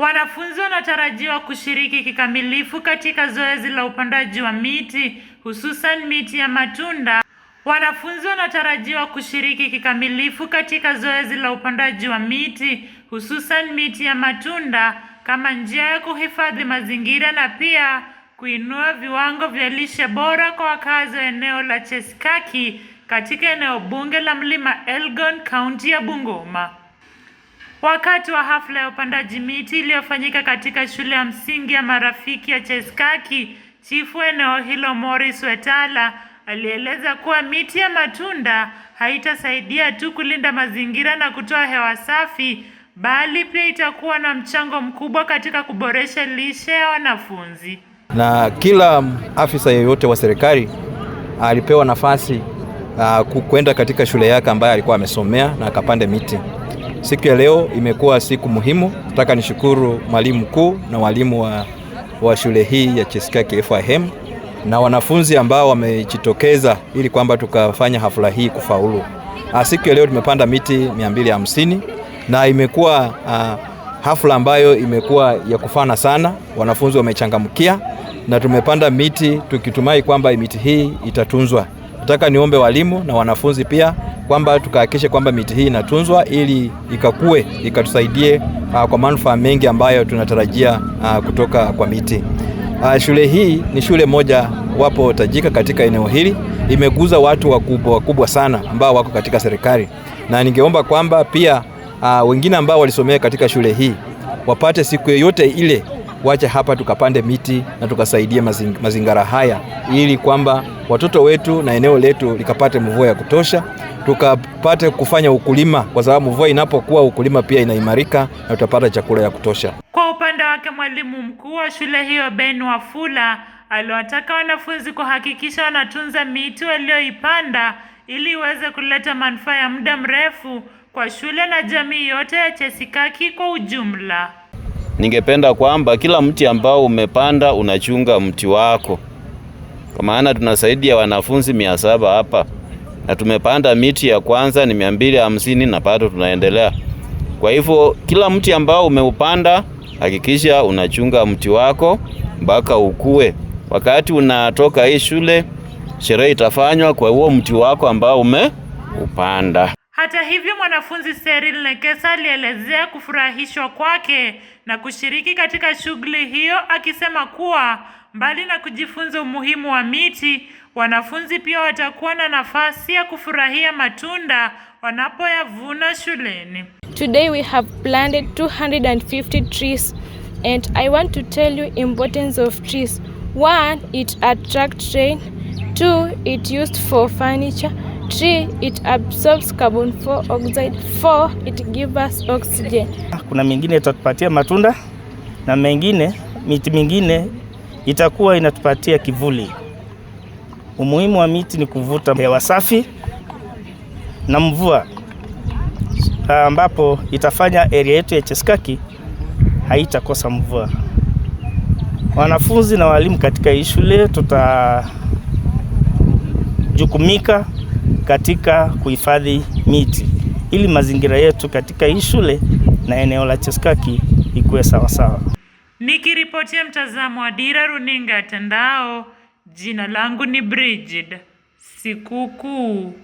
Wanafunzi wanatarajiwa kushiriki kikamilifu katika zoezi la upandaji wa miti hususan miti ya matunda. Wanafunzi wanatarajiwa kushiriki kikamilifu katika zoezi la upandaji wa miti hususan miti ya matunda kama njia ya kuhifadhi mazingira na pia kuinua viwango vya lishe bora kwa wakazi wa eneo la Cheskaki katika eneo bunge la Mlima Elgon, kaunti ya Bungoma. Wakati wa hafla ya upandaji miti iliyofanyika katika shule ya msingi ya Marafiki ya Cheskaki, chifu eneo hilo Morris Wetala alieleza kuwa miti ya matunda haitasaidia tu kulinda mazingira na kutoa hewa safi, bali pia itakuwa na mchango mkubwa katika kuboresha lishe ya wanafunzi. Na kila afisa yeyote wa serikali alipewa nafasi uh, kwenda katika shule yake ambayo alikuwa amesomea na akapande miti. Siku ya leo imekuwa siku muhimu. Nataka nishukuru mwalimu mkuu na walimu wa, wa shule hii ya Chesikaki FIM na wanafunzi ambao wamejitokeza ili kwamba tukafanya hafla hii kufaulu. Ah, siku ya leo tumepanda miti 250 na imekuwa ah, hafla ambayo imekuwa ya kufana sana, wanafunzi wamechangamkia na tumepanda miti tukitumai kwamba miti hii itatunzwa. Nataka niombe walimu na wanafunzi pia kwamba tukahakikishe kwamba miti hii inatunzwa ili ikakue ikatusaidie uh, kwa manufaa mengi ambayo tunatarajia uh, kutoka kwa miti. Uh, shule hii ni shule moja wapo tajika katika eneo hili, imeguza watu wakubwa wakubwa sana ambao wako katika serikali, na ningeomba kwamba pia uh, wengine ambao walisomea katika shule hii wapate siku yoyote ile, wacha hapa tukapande miti na tukasaidia mazingira haya ili kwamba watoto wetu na eneo letu likapate mvua ya kutosha tukapate kufanya ukulima, kwa sababu mvua inapokuwa ukulima pia inaimarika na tutapata chakula ya kutosha. Kwa upande wake, mwalimu mkuu wa shule hiyo Ben Wafula aliwataka wanafunzi kuhakikisha wanatunza miti walioipanda ili iweze kuleta manufaa ya muda mrefu kwa shule na jamii yote ya Chesikaki kwa ujumla. Ningependa kwamba kila mti ambao umepanda unachunga mti wako, kwa maana tunasaidia wanafunzi mia saba hapa na tumepanda miti ya kwanza ni mia mbili hamsini na bado tunaendelea. Kwa hivyo kila mti ambao umeupanda hakikisha unachunga mti wako mpaka ukue. Wakati unatoka hii shule, sherehe itafanywa kwa huo mti wako ambao umeupanda. Hata hivyo mwanafunzi Seril Nekesa alielezea kufurahishwa kwake na kushiriki katika shughuli hiyo akisema kuwa Mbali na kujifunza umuhimu wa miti, wanafunzi pia watakuwa na nafasi ya kufurahia matunda wanapoyavuna shuleni. Today we have planted 250 trees and I want to tell you importance of trees. One, it attract rain. Two, it used for furniture. Three, it absorbs carbon dioxide. Four, it give us oxygen. Kuna mingine itatupatia matunda na mengine miti mingine itakuwa inatupatia kivuli. Umuhimu wa miti ni kuvuta hewa safi na mvua, ah, ambapo itafanya area yetu ya Cheskaki haitakosa mvua. Wanafunzi na walimu katika hii shule tutajukumika katika kuhifadhi miti ili mazingira yetu katika hii shule na eneo la Cheskaki ikuwe sawasawa nikiripotia mtazamo wa Dira Runinga Tandao, jina langu ni Brigid Sikukuu.